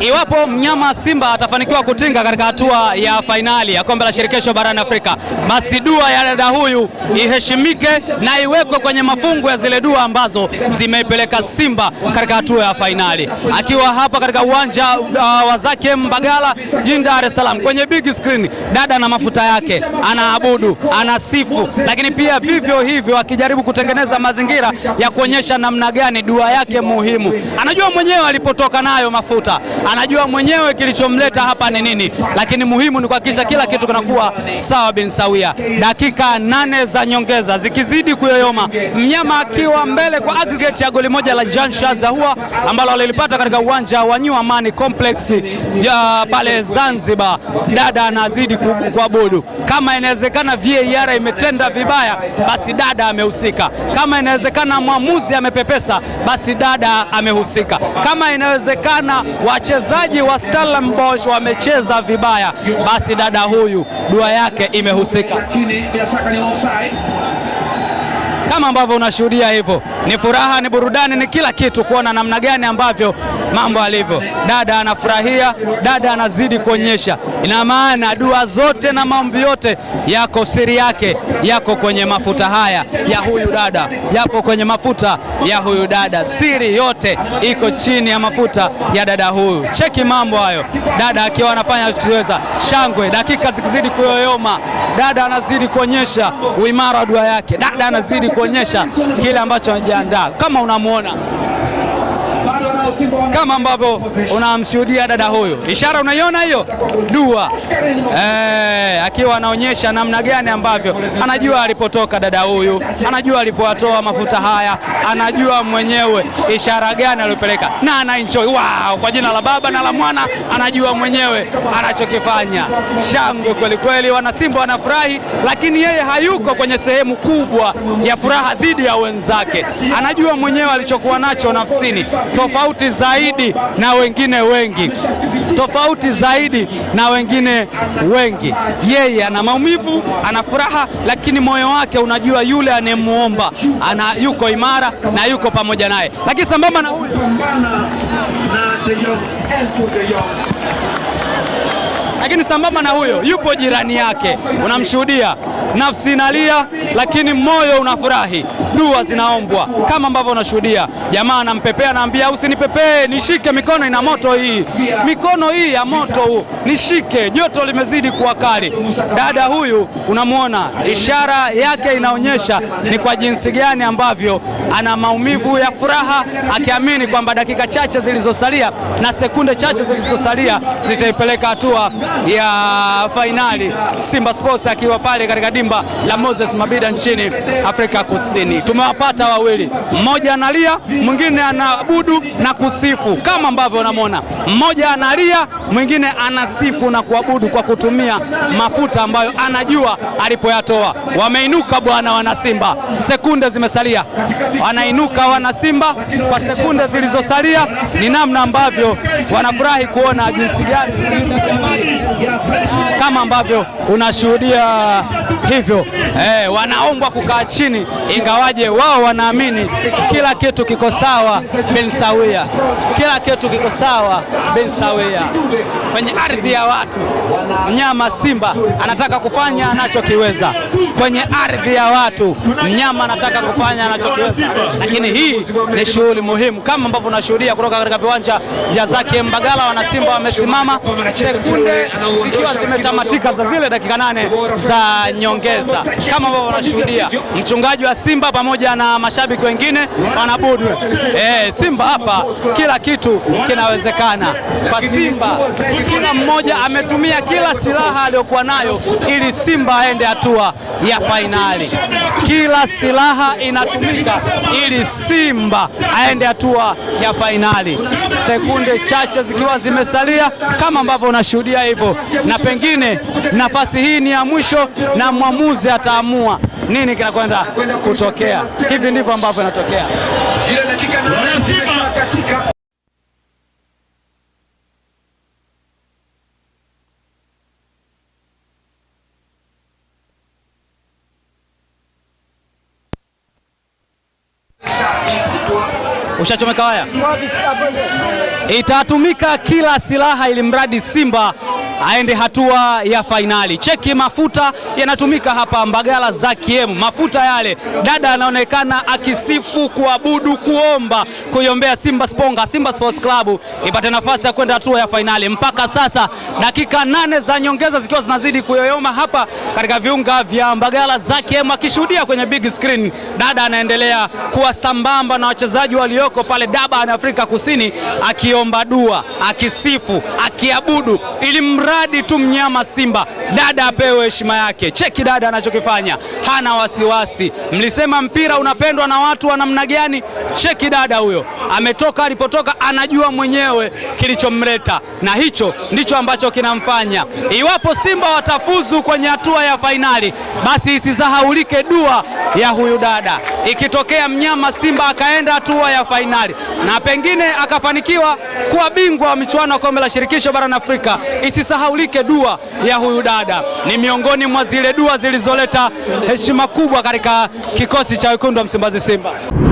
Iwapo mnyama Simba atafanikiwa kutinga katika hatua ya fainali ya kombe la shirikisho barani Afrika, basi dua ya dada huyu iheshimike na iwekwe kwenye mafungu ya zile dua ambazo zimeipeleka Simba katika hatua ya fainali. Akiwa hapa katika uwanja uh, wa Zake Mbagala jijini Dar es Salaam, kwenye big screen, dada na mafuta yake anaabudu, anasifu, lakini pia vivyo hivyo akijaribu kutengeneza mazingira ya kuonyesha namna gani dua yake muhimu. Anajua mwenyewe alipotoka nayo mafuta, anajua mwenyewe kilichomleta hapa ni nini, lakini muhimu ni kuhakikisha kila kitu kinakuwa sawa bin sawia. Dakika nane za nyongeza zikizidi kuyoyoma, mnyama akiwa mbele kwa aggregate ya goli moja la Jean Charles Ahoua ambalo alilipata katika uwanja wa New Amani Complex pale Zanzibar. Dada anazidi kuabudu. Kama inawezekana VAR imetenda vibaya, basi dada amehusika. Kama inawezekana mwamuzi amepepesa, basi dada amehusika. Kama inawezekana kuona wachezaji wa Stellenbosch wamecheza vibaya, basi dada huyu dua yake imehusika kama ambavyo unashuhudia hivyo. Ni furaha, ni burudani, ni kila kitu, kuona namna gani ambavyo mambo alivyo. Dada anafurahia, dada anazidi kuonyesha. Ina maana dua zote na maombi yote yako, siri yake yako kwenye mafuta haya ya huyu dada, yapo kwenye mafuta ya huyu dada, siri yote iko chini ya mafuta ya dada huyu. Cheki mambo hayo, dada akiwa anafanya choweza shangwe, dakika zikizidi kuyoyoma, dada anazidi kuonyesha uimara wa dua yake, dada anazidi kuonyesha kile ambacho anajiandaa kama unamwona kama ambavyo unamshuhudia dada huyu. Ishara unaiona hiyo dua eh, akiwa anaonyesha namna gani ambavyo anajua alipotoka dada huyu, anajua alipoatoa mafuta haya, anajua mwenyewe ishara gani aliyopeleka na ana enjoy wow, kwa jina la Baba na la Mwana, anajua mwenyewe anachokifanya. Shangwe kweli kweli, Simba wanafurahi, lakini yeye hayuko kwenye sehemu kubwa ya furaha dhidi ya wenzake. Anajua mwenyewe alichokuwa nacho nafsini tofauti tofauti zaidi na wengine wengi, tofauti zaidi na wengine wengi. Yeye ana maumivu, ana furaha, lakini moyo wake unajua yule anayemwomba ana yuko imara na yuko pamoja naye, lakini sambamba na lakini sambamba na huyo yupo jirani yake, unamshuhudia nafsi inalia, lakini moyo unafurahi, dua zinaombwa kama ambavyo unashuhudia. Jamaa anampepea, anaambia usinipepee, nishike mikono, ina moto hii, mikono hii ya moto huu, nishike, joto limezidi kuwa kali. Dada huyu unamwona, ishara yake inaonyesha ni kwa jinsi gani ambavyo ana maumivu ya furaha, akiamini kwamba dakika chache zilizosalia na sekunde chache zilizosalia zitaipeleka hatua ya fainali, Simba Sports akiwa pale katika Simba la Moses Mabida nchini Afrika Kusini. Tumewapata wawili, mmoja analia, mwingine anaabudu na kusifu, kama ambavyo unamwona, mmoja analia, mwingine anasifu na kuabudu kwa kutumia mafuta ambayo anajua alipoyatoa. Wameinuka bwana, wana Simba, sekunde zimesalia, wanainuka wana Simba. Kwa sekunde zilizosalia, ni namna ambavyo wanafurahi kuona jinsi gani kama ambavyo unashuhudia hivyo eh, wanaombwa kukaa chini, ingawaje wao wanaamini kila kitu kiko sawa bin sawia, kila kitu kiko sawa bin sawia. Kwenye ardhi ya watu, mnyama simba anataka kufanya anachokiweza. Kwenye ardhi ya watu, mnyama anataka kufanya anachokiweza, lakini hii ni shughuli muhimu kama ambavyo unashuhudia kutoka katika viwanja vya Zaki Mbagala. Wanasimba wamesimama sekunde zikiwa zimetamatika za zile dakika nane za nyong wanaongeza kama ambavyo wanashuhudia mchungaji wa Simba pamoja na mashabiki wengine wanabudu. E, Simba hapa kila kitu kinawezekana kwa Simba. Kila mmoja ametumia kila silaha aliyokuwa nayo ili Simba aende hatua ya fainali. Kila silaha inatumika ili Simba aende hatua ya fainali, sekunde chache zikiwa zimesalia kama ambavyo unashuhudia hivyo, na pengine nafasi hii ni ya mwisho na mwamuzi ataamua nini kinakwenda kutokea. Hivi ndivyo ambavyo inatokea. Ushachomeka waya, itatumika kila silaha ili mradi Simba aende hatua ya fainali. Cheki mafuta yanatumika hapa Mbagala za kiemu, mafuta yale. Dada anaonekana akisifu, kuabudu, kuomba, kuiombea Simba Sponga, Simba Sports Club ipate nafasi ya kwenda hatua ya fainali. Mpaka sasa dakika nane za nyongeza zikiwa zinazidi kuyoyoma hapa katika viunga vya Mbagala za kiemu, akishuhudia kwenye big screen. Dada anaendelea kuwa sambamba na wachezaji walioko pale Durban, Afrika Kusini, akiomba dua, akisifu, akiabudu ili mra mradi tu mnyama Simba dada apewe heshima yake. Cheki dada anachokifanya, hana wasiwasi. Mlisema mpira unapendwa na watu wa namna gani? Cheki dada huyo, ametoka alipotoka, anajua mwenyewe kilichomleta, na hicho ndicho ambacho kinamfanya. Iwapo Simba watafuzu kwenye hatua ya fainali, basi isisahaulike dua ya huyu dada. Ikitokea mnyama Simba akaenda hatua ya fainali na pengine akafanikiwa kuwa bingwa wa michuano ya kombe la shirikisho barani Afrika, isisahau isisahaulike dua ya huyu dada, ni miongoni mwa zile dua zilizoleta heshima kubwa katika kikosi cha wekundu wa Msimbazi Simba.